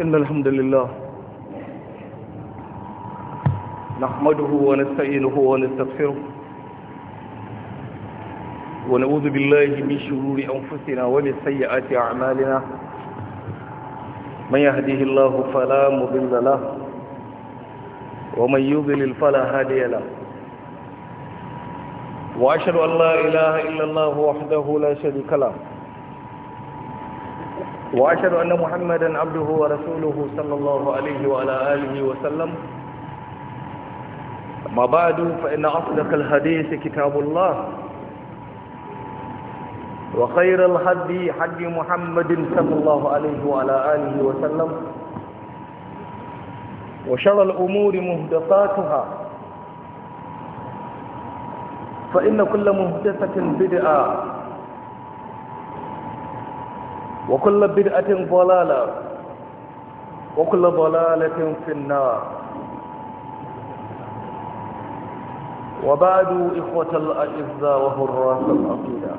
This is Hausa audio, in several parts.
إن الحمد لله نحمده ونستعينه ونستغفره ونعوذ بالله من شرور أنفسنا ومن سيئات أعمالنا من يهديه الله فلا مضل له ومن يضلل فلا هادي له وأشهد أن لا إله إلا الله وحده لا شريك له وأشهد أن محمدا عبده ورسوله صلى الله عليه وعلى آله وسلم ما بعد فإن أصدق الحديث كتاب الله وخير الحد حدي محمد صلى الله عليه وعلى آله وسلم وشر الأمور مهدفاتها فإن كل مهدفة بدعة وكل بدعة ضلالة وكل ضلالة في النار وبعد إخوة الأعزة وهراس العقيدة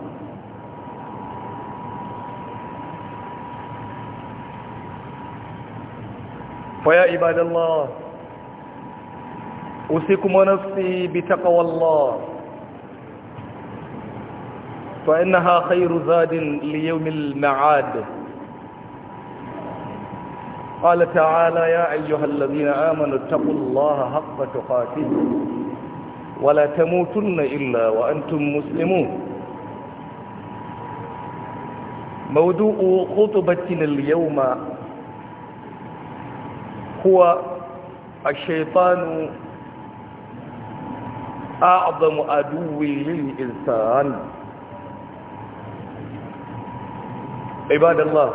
فيا عباد الله أوصيكم ونفسي بتقوى الله فإنها خير زاد ليوم المعاد قال تعالى يا أيها الذين آمنوا اتقوا الله حق تقاته ولا تموتن إلا وأنتم مسلمون موضوع خطبتنا اليوم هو الشيطان أعظم عدو للإنسان عباد الله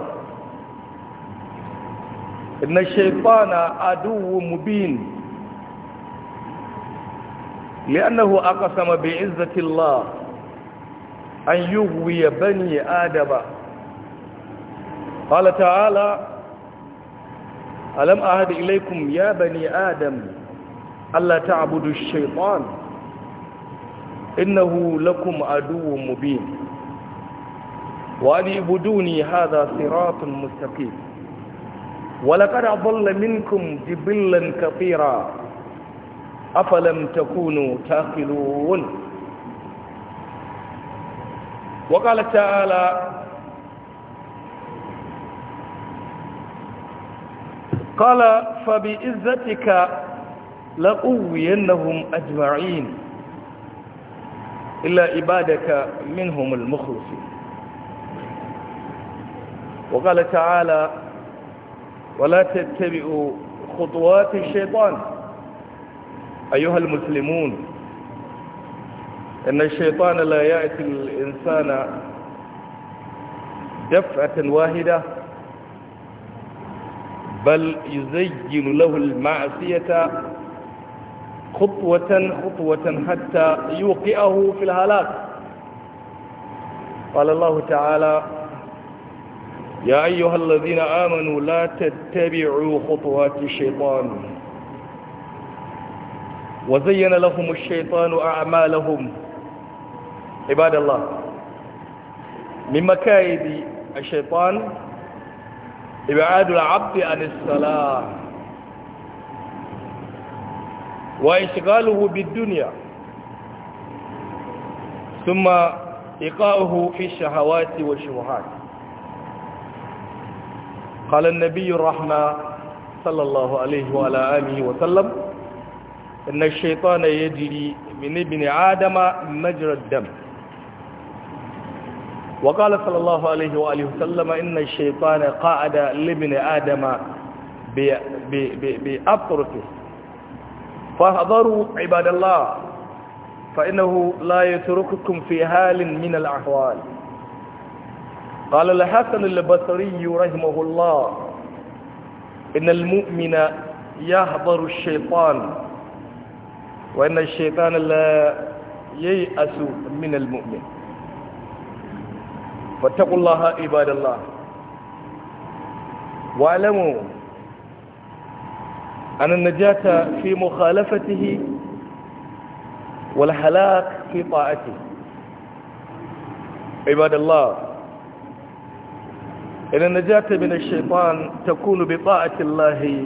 إن الشيطان عدو مبين لأنه أقسم بعزة الله أن يغوي بني آدم قال تعالى ألم أهد إليكم يا بني آدم ألا تعبدوا الشيطان إنه لكم عدو مبين وأن اعبدوني هذا صراط مستقيم ولقد أضل منكم جبلا كثيرا أفلم تكونوا تاكلون وقال تعالى قال فبإذتك لأوينهم أجمعين إلا عبادك منهم المخلصين وقال تعالى ولا تتبعوا خطوات الشيطان أيها المسلمون إن الشيطان لا يأتي الإنسان دفعة واحدة بل يزين له المعصية خطوة خطوة حتى يوقئه في الهلاك قال الله تعالى يا أيها الذين آمنوا لا تتبعوا خطوات الشيطان وزين لهم الشيطان أعمالهم عباد الله من مكايد الشيطان إبعاد العبد عن الصلاة وإشغاله بالدنيا ثم إيقاؤه في الشهوات والشبهات قال النبي الرحمة صلى الله عليه وعلى آله وسلم إن الشيطان يجري من ابن آدم مجرى الدم وقال صلى الله عليه وآله وسلم إن الشيطان قاعد لابن آدم بأطرفه فاحذروا عباد الله فإنه لا يترككم في حال من الأحوال قال الحسن البصري رحمه الله إن المؤمن يحضر الشيطان وإن الشيطان لا ييأس من المؤمن فاتقوا الله عباد الله واعلموا أن النجاة في مخالفته والحلاق في طاعته عباد الله إن النجاة من الشيطان تكون بطاعة الله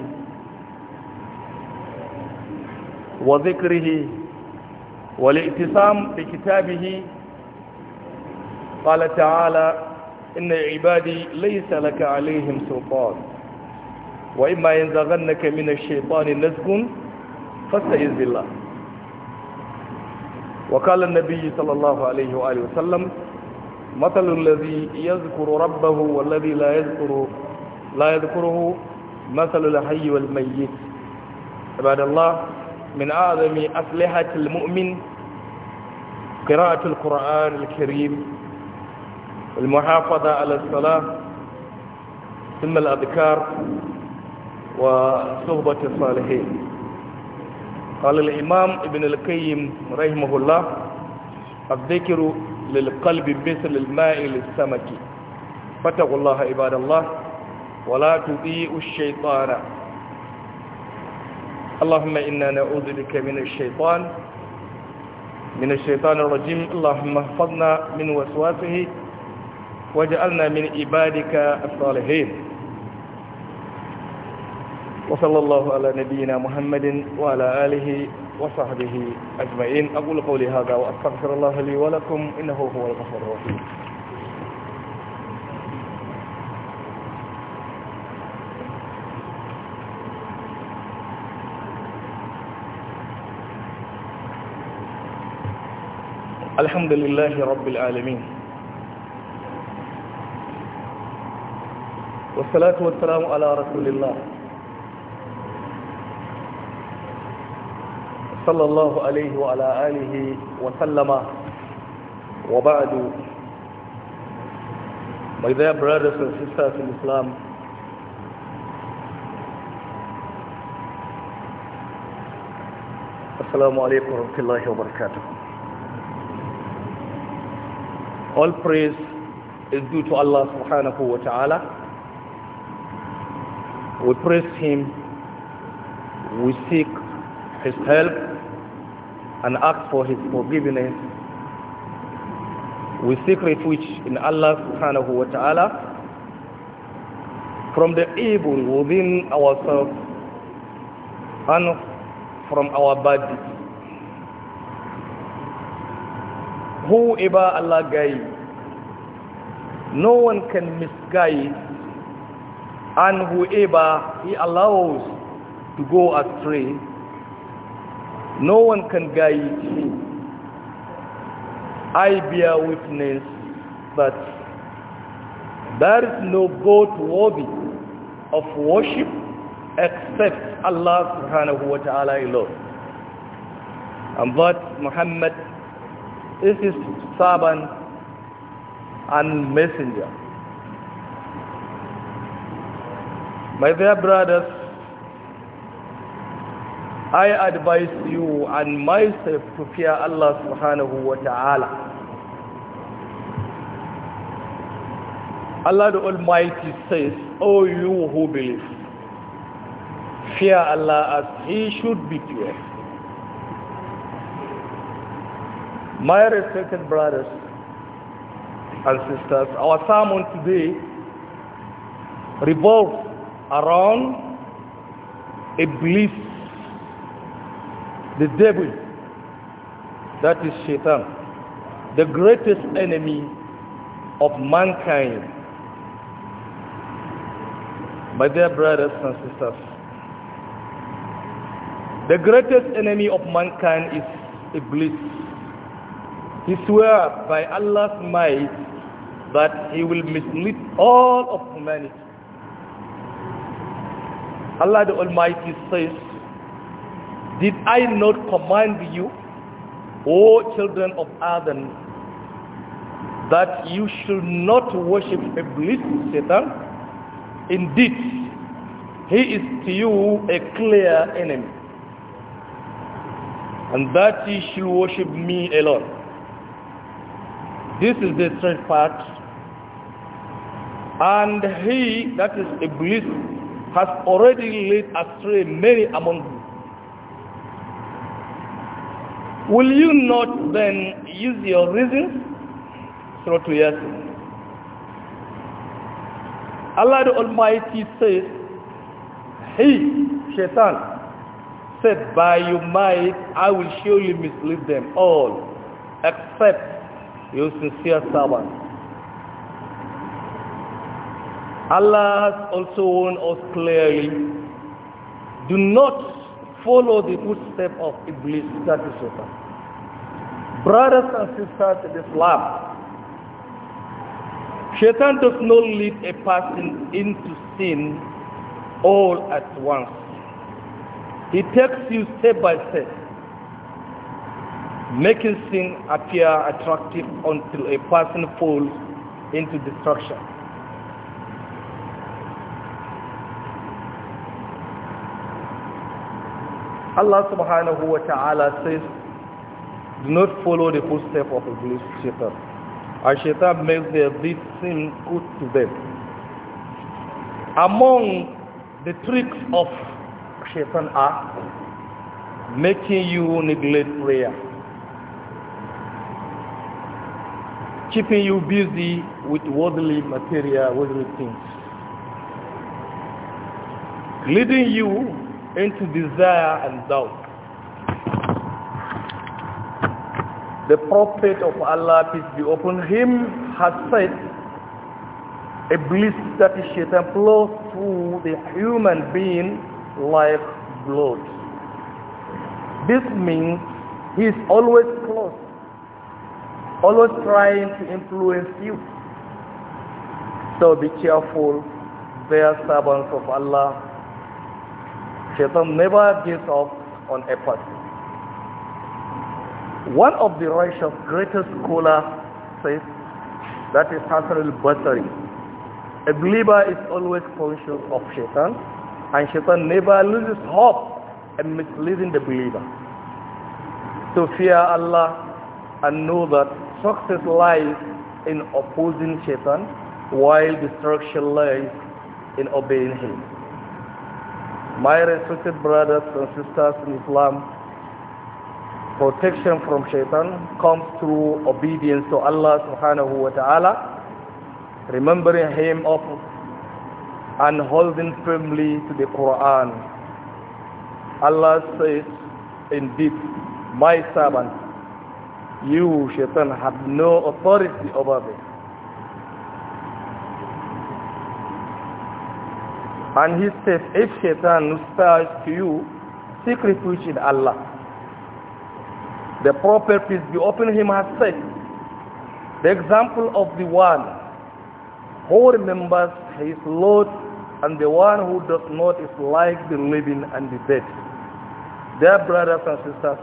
وذكره والاعتصام بكتابه قال تعالى إن عبادي ليس لك عليهم سلطان وإما ينزغنك من الشيطان نزغ فاستئذ بالله وقال النبي صلى الله عليه وآله وسلم مثل الذي يذكر ربه والذي لا يذكر لا يذكره مثل الحي والميت عباد الله من أعظم أسلحة المؤمن قراءة القرآن الكريم المحافظة على الصلاة ثم الأذكار وصحبة الصالحين قال الإمام ابن القيم رحمه الله الذكر للقلب مثل الماء للسمك فاتقوا الله عباد الله ولا تطيعوا الشيطان اللهم إنا نعوذ بك من الشيطان من الشيطان الرجيم اللهم احفظنا من وسواسه واجعلنا من عبادك الصالحين وصلى الله على نبينا محمد وعلى آله وصحبه أجمعين أقول قولي هذا وأستغفر الله لي ولكم إنه هو الغفور الرحيم الحمد لله رب العالمين والصلاة والسلام على رسول الله صلى الله عليه وعلى آله وسلم وبعد My dear brothers and sisters in Islam السلام عليكم ورحمة الله وبركاته All praise is due to Allah subhanahu wa ta'ala We praise Him We seek His help and ask for his forgiveness we seek refuge in Allah subhanahu wa ta'ala from the evil within ourselves and from our body. Whoever Allah guides, no one can misguide and whoever He allows to go astray no one can guide me. I bear witness that there is no God worthy of worship except Allah subhanahu wa ta'ala alone. And that Muhammad is his servant and messenger. My dear brothers, I advise you and myself to fear Allah subhanahu wa ta'ala. Allah the Almighty says, O you who believe, fear Allah as He should be feared. My respected brothers and sisters, our sermon today revolves around a belief the devil that is shaitan the greatest enemy of mankind my dear brothers and sisters the greatest enemy of mankind is Iblis he swear by Allah's might that he will mislead all of humanity Allah the Almighty says Did I not command you, O children of Adam, that you should not worship Iblis, Satan? Indeed, he is to you a clear enemy, and that you should worship me alone. This is the third part. And he, that is Iblis, has already led astray many among Will you not then use your reason, Surah to yes? Allah the Almighty says, He, Shaitan, said, By your might I will surely mislead them all, except your sincere servant. Allah has also warned us clearly, do not follow the footsteps of Iblis, that is Satan. Brothers and sisters in Islam, Satan does not lead a person into sin all at once. He takes you step by step, making sin appear attractive until a person falls into destruction. Allah subhanahu wa ta'ala says, do not follow the footsteps of the shaitan. And shaitan makes their deed seem good to them. Among the tricks of shaitan are making you neglect prayer, keeping you busy with worldly material, worldly things, leading you into desire and doubt. The Prophet of Allah, peace be upon him, has said, a bliss that is shaitan flows through the human being like blood. This means he is always close, always trying to influence you. So be careful, they are servants of Allah Shaitan never gives up on a person. One of the righteous greatest scholars says, that is Hassan al-Basri. A believer is always conscious of Shaitan, and Shaitan never loses hope in misleading the believer. To so fear Allah and know that success lies in opposing Shaitan, while destruction lies in obeying him. My respected brothers and sisters in Islam, protection from shaitan comes through obedience to Allah subhanahu wa ta'ala, remembering him of and holding firmly to the Quran. Allah says, indeed, my servant, you, shaitan, have no authority over me And he says, if shaitan whispers to you, seek refuge in Allah. The Prophet, peace be upon him, has said, the example of the one who remembers his Lord and the one who does not is like the living and the dead. Dear brothers and sisters,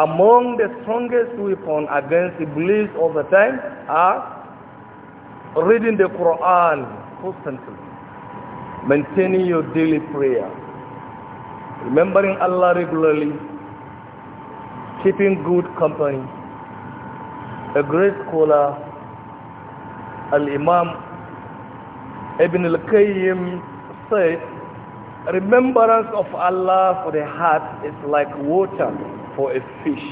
among the strongest weapon against the beliefs of the time are reading the Quran constantly maintaining your daily prayer, remembering Allah regularly, keeping good company. A great scholar, Al-Imam Ibn al-Qayyim said, remembrance of Allah for the heart is like water for a fish.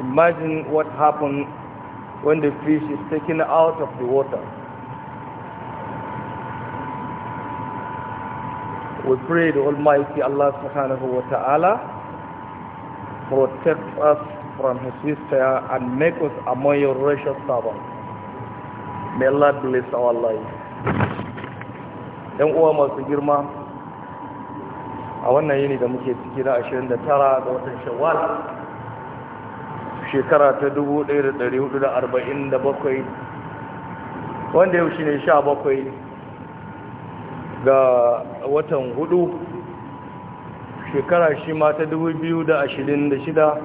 Imagine what happened when the fish is taken out of the water. We pray the Almighty Allah subhanahu wa ta'ala protect us from his whisper and make us among your righteous servants. May Allah bless our life. ‘Yan uwa masu girma a wannan yini da muke ciki na 29 ga watan Shawwal shekara ta 1447 wanda yau shi ne 17 ga watan hudu shekara shi ma ta 2026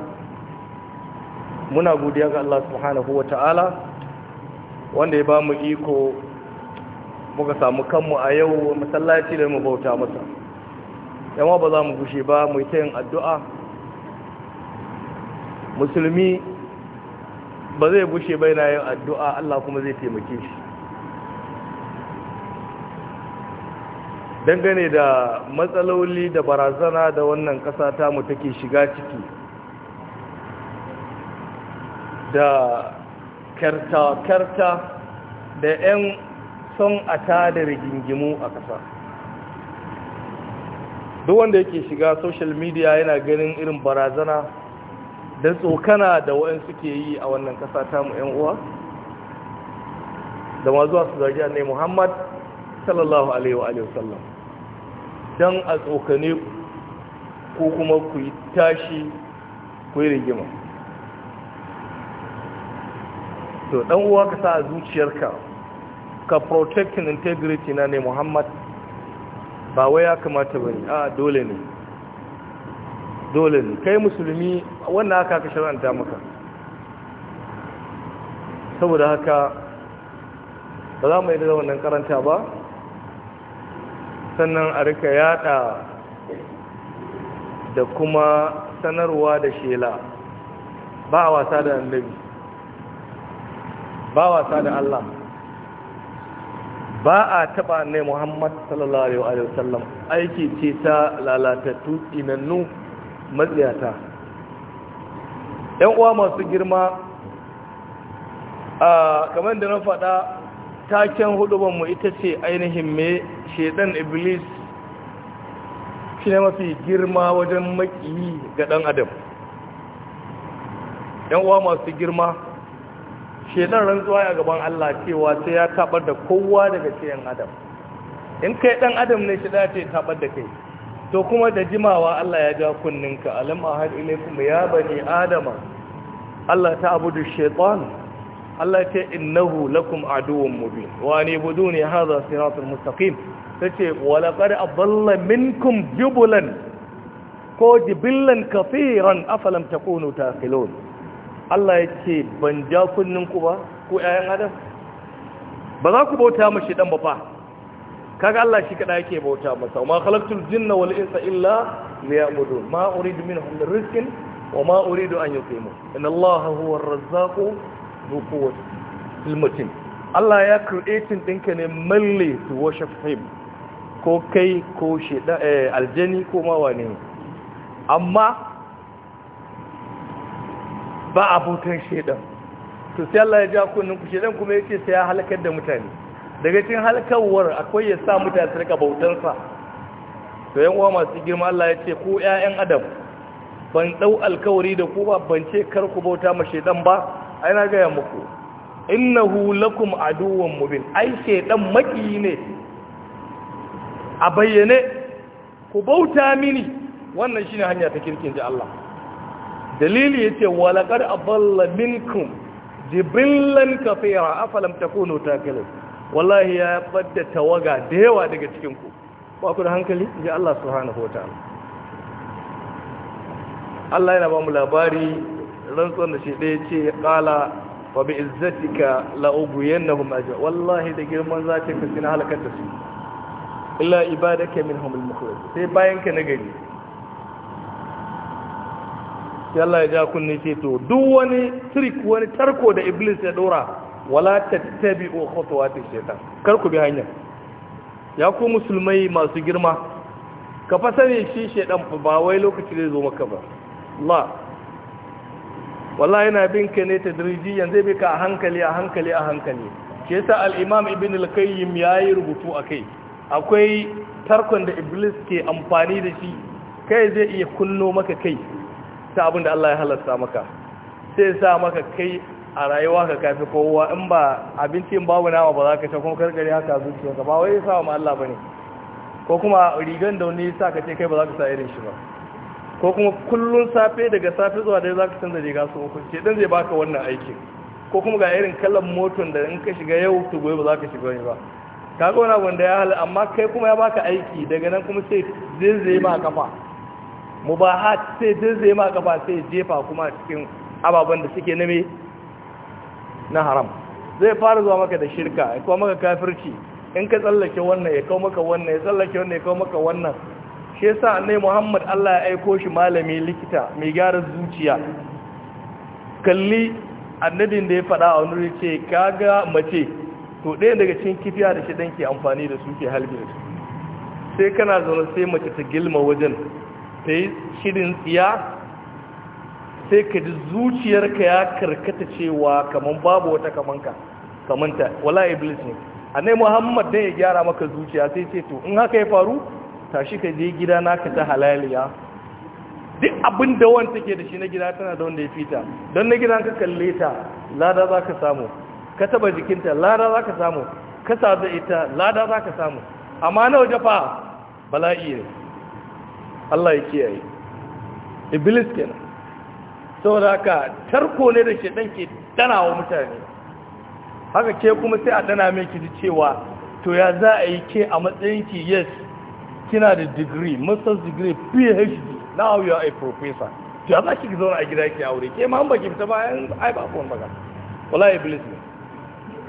muna godiya ga Allah subhanahu ta'ala wanda ya ba mu iko muka samu kanmu a yau masallaci da mu bauta masa yamma ba za mu gushe ba mu yi ta yin addu'a musulmi ba zai gushe bai na yin addu'a Allah kuma zai taimake shi dangane da matsaloli da barazana da wannan ƙasa ta mu take shiga ciki da karta-karta da 'yan son a tada rigingimu a ƙasa duk wanda yake shiga social media yana ganin irin barazana da tsokana da wa'in suke yi a wannan ƙasa ta mu 'yan uwa da ma zuwa su zargi annai muhammad sallallahu alaihi wa sallam don a tsokane ko kuma ku yi tashi ku yi rigima to dan uwa ka sa a zuciyarka ka protecting integrity na ne muhammad ba wai ya kamata ba ne a dole ne dole ne kai musulmi wannan haka ka shar'anta maka saboda haka ba za mu yi da wannan karanta ba sannan a rika yada da kuma sanarwa da shela ba wasa da annabi ba wasa da Allah ba a taba ne Muhammad sallallahu alaihi wasallam aiki ce ta lalatattu inannu matsiyata yan uwa masu girma a kamar da na faɗa taken hudubanmu ita ce ainihin me shedan iblis shi ne mafi girma wajen makiyi ga ɗan adam yan uwa masu girma shedan rantsuwa ya gaban Allah cewa sai ya tabar da kowa daga cikin adam in kai ɗan adam ne shi dace tabar da kai to kuma da jimawa Allah ya ja kunninka alam ahad ilaykum ya bani adama Allah ta abudu shaitan Allah ce innahu lakum aduwwun mubin wa ni buduni hadha siratul mustaqim tace wa laqad adalla minkum jubulan ko jibillan kafiran afalam takunu taqilun Allah yake ban ja kunnin ku ba ku ayan adam ba za ku bauta mashi dan ba fa kaga Allah shi kada yake bauta masa ma khalaqtul jinna wal insa illa liya'budun ma uridu minhum min rizqin wa ma uridu an yuqimu inna Allah huwa ar-razzaqu ذو ilmatin. Allah ya creating ɗinka ne mainly to worship him ko kai ko shida eh, aljani ko mawa ne. amma ba abutan shedan to sai Allah ya ja kunnin ku shedan kuma yake sai ya halakar da mutane daga cikin halakawar akwai ya sa mutane su rika bautansa. to yan uwa masu girma Allah ya ce ku ƴaƴan adam ban dau alkawari da ku ba ban ce kar ku bauta ma shedan ba ai na gaya muku innahu lakum aduwwan mubin ai shedan maki ne a bayyane ku bauta mini wannan shine hanya ta kirkin ji Allah dalili yace walaqad aballa minkum jibrilan kafira afalam takunu takil wallahi ya badda tawaga da yawa daga cikin ku ba ku da hankali ji Allah subhanahu wataala Allah yana ba mu labari rantsuwan da shi ɗaya ce ƙala wa bi izzatika la ugwiyannahum ajma wallahi da girman zatin ka sina halakar da su illa ibadaka minhum al-mukhlas sai bayan ka nagari sai Allah ya ja kunni ce to duk wani trick wani tarko da iblis ya dora wala tattabi'u khutuwati shaytan kar ku bi hanyar, ya ku musulmai masu girma ka fa sani shi shedan ba wai lokaci zai zo maka ba Allah wallahi yana bin ka ne tadrijiyan zai bi ka a hankali a hankali a hankali ke sa al-imam ibn al-qayyim yayi rubutu akai akwai tarkon da iblis ke amfani da shi kai zai iya kunno maka kai ta abin da Allah ya halasta maka sai sa maka kai a rayuwa ka kafi kowa in ba abinci in babu nama ba za ka ta kuma karkare haka zuciyarka ba wai sa ma Allah bane ko kuma rigan da wani sa ka ce kai ba za ka sa irin shi ba ko kuma kullun safe daga safe zuwa dai za ka canza riga su uku ke dan zai baka wannan aikin ko kuma ga irin kalan motar da in ka shiga yau to gobe ba za ka shiga ba kaga wani abu da ya hal amma kai kuma ya baka aiki daga nan kuma sai zai ma kafa mubahat sai zai ma kafa sai jefa kuma cikin ababen da suke na me na haram zai fara zuwa maka da shirka ya kawo maka kafirci in ka tsallake wannan ya kawo maka wannan ya tsallake wannan ya kawo maka wannan shi yasa annai muhammad allah ya aiko shi malami likita mai gyara zuciya kalli annabin da ya faɗa a wani ce kaga mace to ɗaya daga cikin kifiya da shi ɗan amfani da su ke su sai kana zaune sai mace ta gilma wajen ta yi shirin tsiya sai ka ji zuciyarka ya karkata cewa kaman babu wata kamanka kamanta wala iblis ne annai muhammad ne ya gyara maka zuciya sai ce to in haka ya faru tashi ka je gida naka ta halaliya duk abin da wani take da shi na gida tana da wanda ya fita don na gida ka kalle ta lada za ka samu ka taba jikinta lada za ka samu ka sadu ita lada za ka samu amma na waje fa bala'i ne Allah ya kiyaye iblis kenan saboda ka tarko ne da shedan ke dana wa mutane haka ke kuma sai a dana miki cewa to ya za a yi ke a matsayin ki, yes kina da degree master's degree phd now you are a professor to za ki zauna a gida ki aure ke ma ba ki fita bayan ai ba ku ba wala iblis ne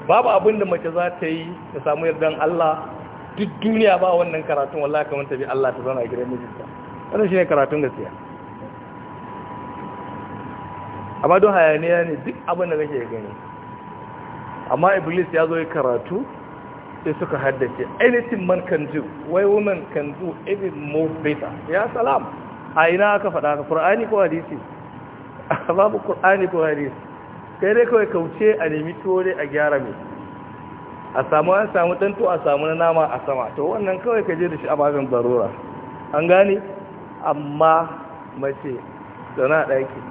babu abin da mace za ta yi ta samu yardan Allah duk duniya ba wannan karatun wallahi kamar ta bi Allah ta zauna a miji ta wannan shine karatun gaskiya amma don hayaniya ne duk abin da kake gani amma iblis ya zo ya karatu sai suka haddace anything man can do why woman can do even more better ya salam a ina aka faɗa ka ƙur'ani ko hadisi babu ƙur'ani ko hadisi kai dai kawai kauce a nemi tuwo dai a gyara mai a samu an samu ɗanto a samu na nama a sama to wannan kawai ka je da shi a magan barora an gane amma mace zauna ɗaki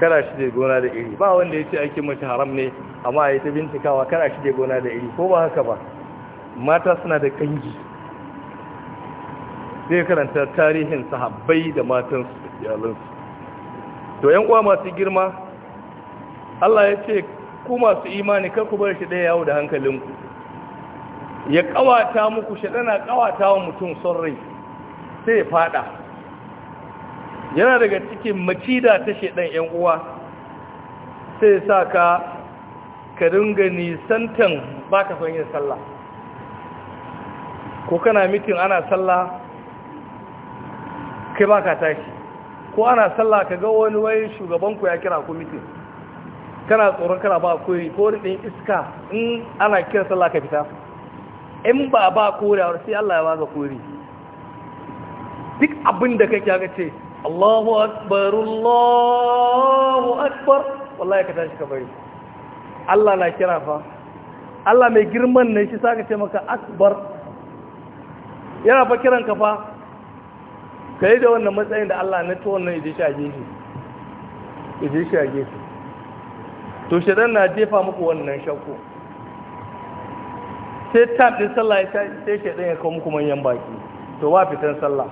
Kada shi da gona da iri ba wanda ya ce aikin mace haram ne amma a yi ta bincikawa kar a shige gona da iri ko ba haka ba mata suna da kangi sai karanta tarihin sahabbai da matansu iyalansu to yan uwa masu girma Allah ya ce ku masu imani kar ku bar shi ɗaya yawo da hankalinku ya kawata muku ɗana kawata wa mutum son rai sai ya fada yana daga cikin macida ta ɗan yan uwa sai sa ka ka dinga nisantan ba ka son yin sallah ko kana mitin ana sallah kai ba ka tashi ko ana sallah ka ga wani wai shugabanku ya kira ku mitin kana tsoron kana ba koyi ko wani ɗin iska in ana kira sallah ka fita in ba ba kore a sai Allah ya ba ka kuri duk abin da kake ga ce Allahu akbar Allahu akbar wallahi ka tashi ka bari Allah na kira fa Allah mai girman ne shi sa ka ce maka akbar yana fa kiran ka fa ka yi da wannan matsayin da Allah na tuwon nan ije shi a gefe shi a gefe to shaidan na jefa muku wannan shakku sai tam din sallah sai shaidan ya kawo muku manyan baki to ba fitan sallah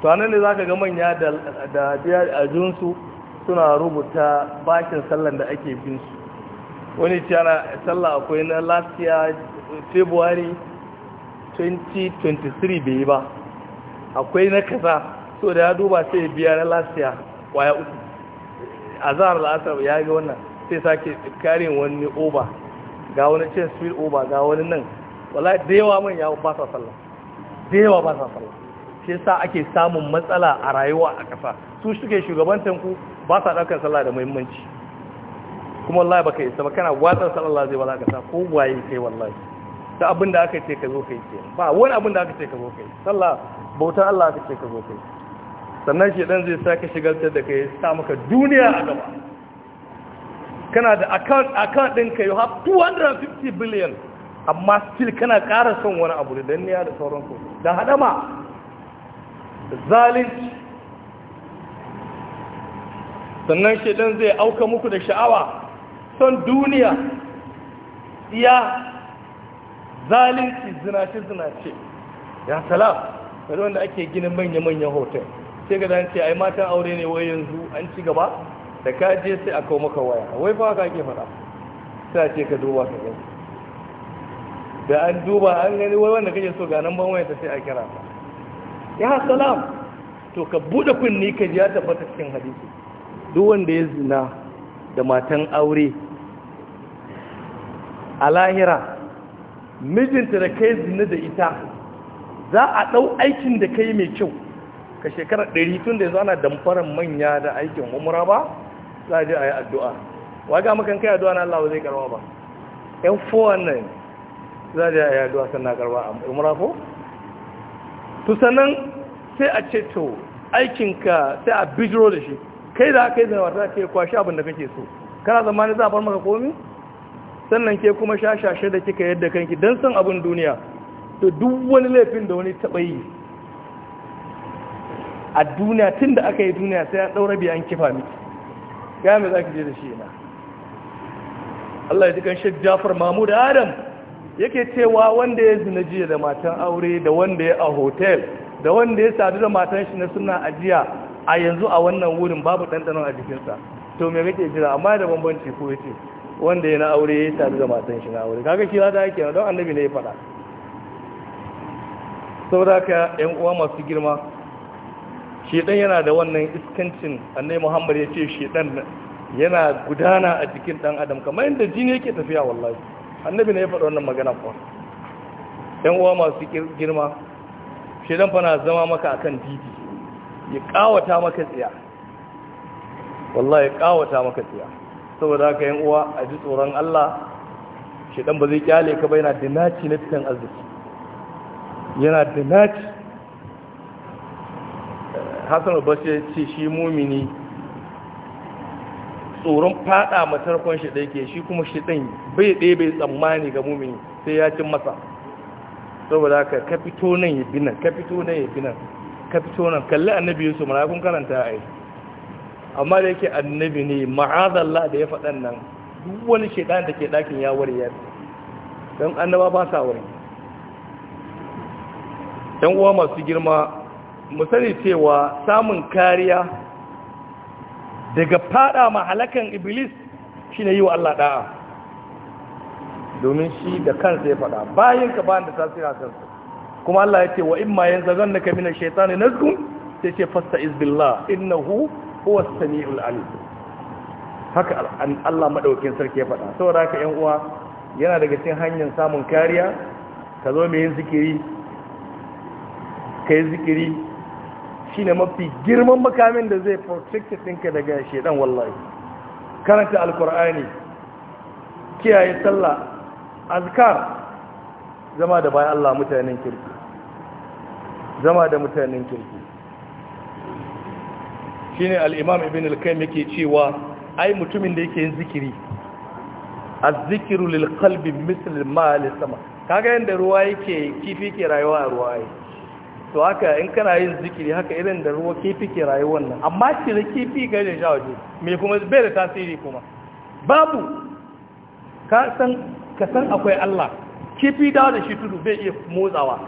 to anan ne zaka ga manya da da a junsu suna rubuta bakin sallan da ake bin su wani tara sallah akwai na last year february 2023 bai yi ba akwai na kasa so da ya duba sai ya biya na last year waya uku a zahar la'asar ya ga wannan sai sake karin wani oba ga wani cin speed oba ga wani nan wala da yawa man ya ba sa sallah da yawa ba sa sallah shi sa ake samun matsala a rayuwa a kasa su suke shugabantanku ba sa ɗaukar sallah da muhimmanci kuma wallahi baka isa ba kana watsar sallallahu alaihi zai ka sa ko waye kai wallahi da abin da aka ce ka zo kai ke ba wani abin da aka ce ka zo kai sallah bautar Allah aka ce ka zo kai sannan shi dan zai saka shigar da kai sa maka duniya a gaba kana da account account din ka you have 250 billion amma still kana ƙara son wani abu da danniya da sauran ku da hadama da sannan shi dan zai auka muku da sha'awa son duniya iya zalunci zinace-zinace ya salam bari wanda ake ginin manya-manyan hotel sai ga ce ai matan aure ne wai yanzu an ci gaba da ka je sai a kawo maka waya wai fa ka ke faɗa sai ce ka duba ka gani da an duba an gani wai wanda kake so ga nan ban wayarta sai a kira ka ya salam to ka bude kunni ka ji ya tabbata cikin hadisi duk wanda ya zina da matan aure a lahira mijinta da kai zina da ita za a ɗau aikin da kai mai kyau ka shekarar ɗari tun da ya zana damfarar manya da aikin umura ba za a je a yi addu'a waga makan kai addu'a na Allah ba zai karwa ba yan fowar nan za a je a yi addu'a sannan karwa a umura ko? to sannan sai a ce to aikinka sai a bijiro da shi kai da aka yi zana wata ce kwashi abin da kake so kana ne za a bar maka komi? sannan ke kuma shashashe da kika yadda kanki don san abin duniya to duk wani laifin da wani taɓa yi a duniya tun da aka yi duniya sai ya ɗaura biyan kifa miki gaya za ki je da shi yana Allah ya ji kan jafar mamu da adam yake cewa wanda ya zina jiya da matan aure da wanda ya a hotel da wanda ya sadu da matan shi na suna ajiya a yanzu a wannan wurin babu ɗanɗanon a jikinsa to me kake jira amma da bambanci ko yace wanda yana aure ya sadu da matan shi na aure kaga shi da yake don annabi ne ya faɗa saboda ka yan uwa masu girma shedan yana da wannan iskancin annabi Muhammad ya ce shedan yana gudana a cikin dan adam kamar yadda jini yake tafiya wallahi annabi ne ya faɗa wannan magana kuwa yan uwa masu girma shedan fa na zama maka akan titi ya kawata maka tsiya wallahi kawata maka siya saboda haka yan uwa a ji tsoron Allah shedan ba zai kyale ka ba yana da naci na fitan arziki yana da naci Hassan al-Basri ya ce shi mumini tsoron fada matarkon shi dake shi kuma shi din bai ɗaya bai tsammani ga mumini sai ya cin masa saboda haka ka fito nan ya bi nan ka fito nan ya bi nan ka fito nan kalli annabi Yusuf mun kun karanta ai amma da yake annabi ne ma'azalla da ya faɗan nan duk wani shaidan da ke ɗakin ya wari ya don annaba ba sa wari Ɗan uwa masu girma mu sani cewa samun kariya daga fada mahalakan iblis shi ne yi wa Allah ɗa'a domin shi da kansa ya faɗa bayan ka bayan da tasira kansa kuma Allah ya ce wa imma yanzu zannaka min mina na nazgun sai ce fasta izbillah innahu huwa sami'ul alim haka Allah madaukakin sarki ya faɗa saboda haka ƴan uwa yana daga cikin hanyar samun kariya ka zo mai yin zikiri kai zikiri shine mafi girman makamin da zai protect ɗinka daga shedan wallahi karanta alkur'ani kiyaye sallah azkar zama da bayan Allah mutanen kirki zama da mutanen kirki shine ne al’imam ibn al kaim yake cewa ai mutumin da yake yin zikiri a zikiru lil qalbi mithl ma sama kaga yadda ruwa yake kifi ke rayuwa a ruwa yi. to haka in kana yin zikiri haka irin da ruwa kifi ke rayuwa nan amma shi da kifi ga da waje me kuma bai da tasiri kuma babu ka san akwai Allah kifi dawa da shi tudu bai iya motsawa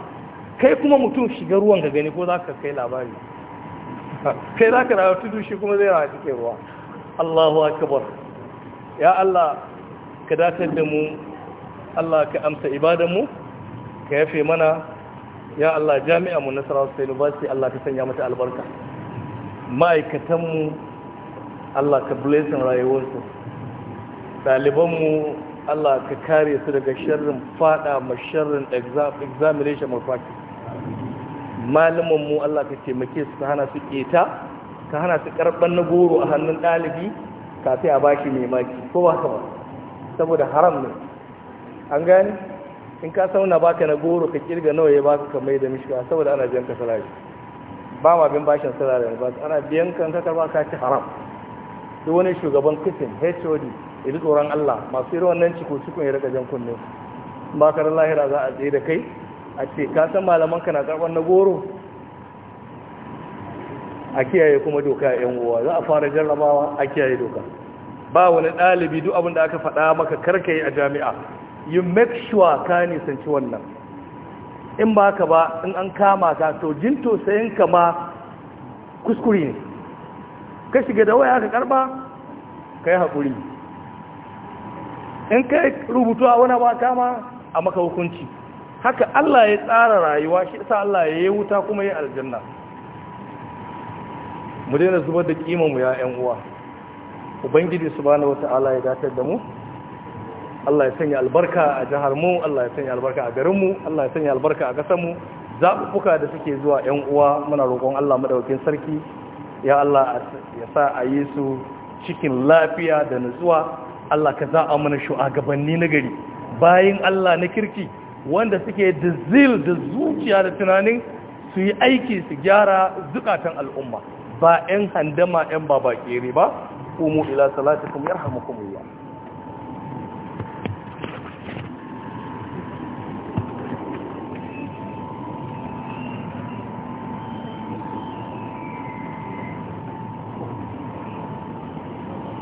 kai kuma mutum shiga ruwan ka gani ko za ka kai labari kai za ka rayu tudu shi kuma zai rayu cikin ruwa allahu akabar ya allah ka datar da mu allah ka amsa ibadanmu ka yafe mana ya allah jami'a mu nasarar state university allah ka sanya mata albarka ma'aikatanmu allah ka blessin rayuwarsu ɗalibanmu allah ka kare su daga sharrin fada ma sharrin examination malpractice malaman mu Allah ka taimake su ka hana su keta ka hana su karban na goro a hannun ɗalibi kafin a baki mai maki ko ba ba saboda haram ne an gani in ka sauna baka na goro ka kirga nawa ya baka mai da mishi saboda ana biyan ka salari ba ma bin bashin salari ba ana biyan ka ka karba ka ci haram duk wani shugaban kifin HOD ya ji tsoron Allah masu irin wannan ciko cikon ya rika jan kunne ba ka lahira za a tsaye da kai a ce ka san malaman ka na karban na goro a kiyaye kuma doka yan uwa za a fara jarrabawa a kiyaye doka ba wani ɗalibi duk abin da aka faɗa maka karka yi a jami'a you make sure ka nisanci wannan in ba ka ba in an kama ka to jin tausayin ka ma kuskure ne ka shiga da waya ka karba ka yi haƙuri in ka rubutu a wani ba kama a maka hukunci haka Allah ya tsara rayuwa shi sa Allah ya yi wuta kuma ya aljanna mu daina zubar da kimanmu ya 'yan uwa ubangiji su wata ala ya datar da mu Allah ya sanya albarka a jihar mu Allah ya sanya albarka a garinmu. Allah ya sanya albarka a ƙasar mu zaɓuɓɓuka da suke zuwa 'yan uwa muna roƙon Allah madaukin sarki ya Allah ya sa a yi su cikin lafiya da nutsuwa Allah ka za a mana shugabanni na gari Bayan Allah na kirki wanda suke da zil da zuciya da tunanin su yi aiki su gyara zukatan al'umma ba 'yan handama 'yan babakere ba umu ila salatikum yarhamukumullah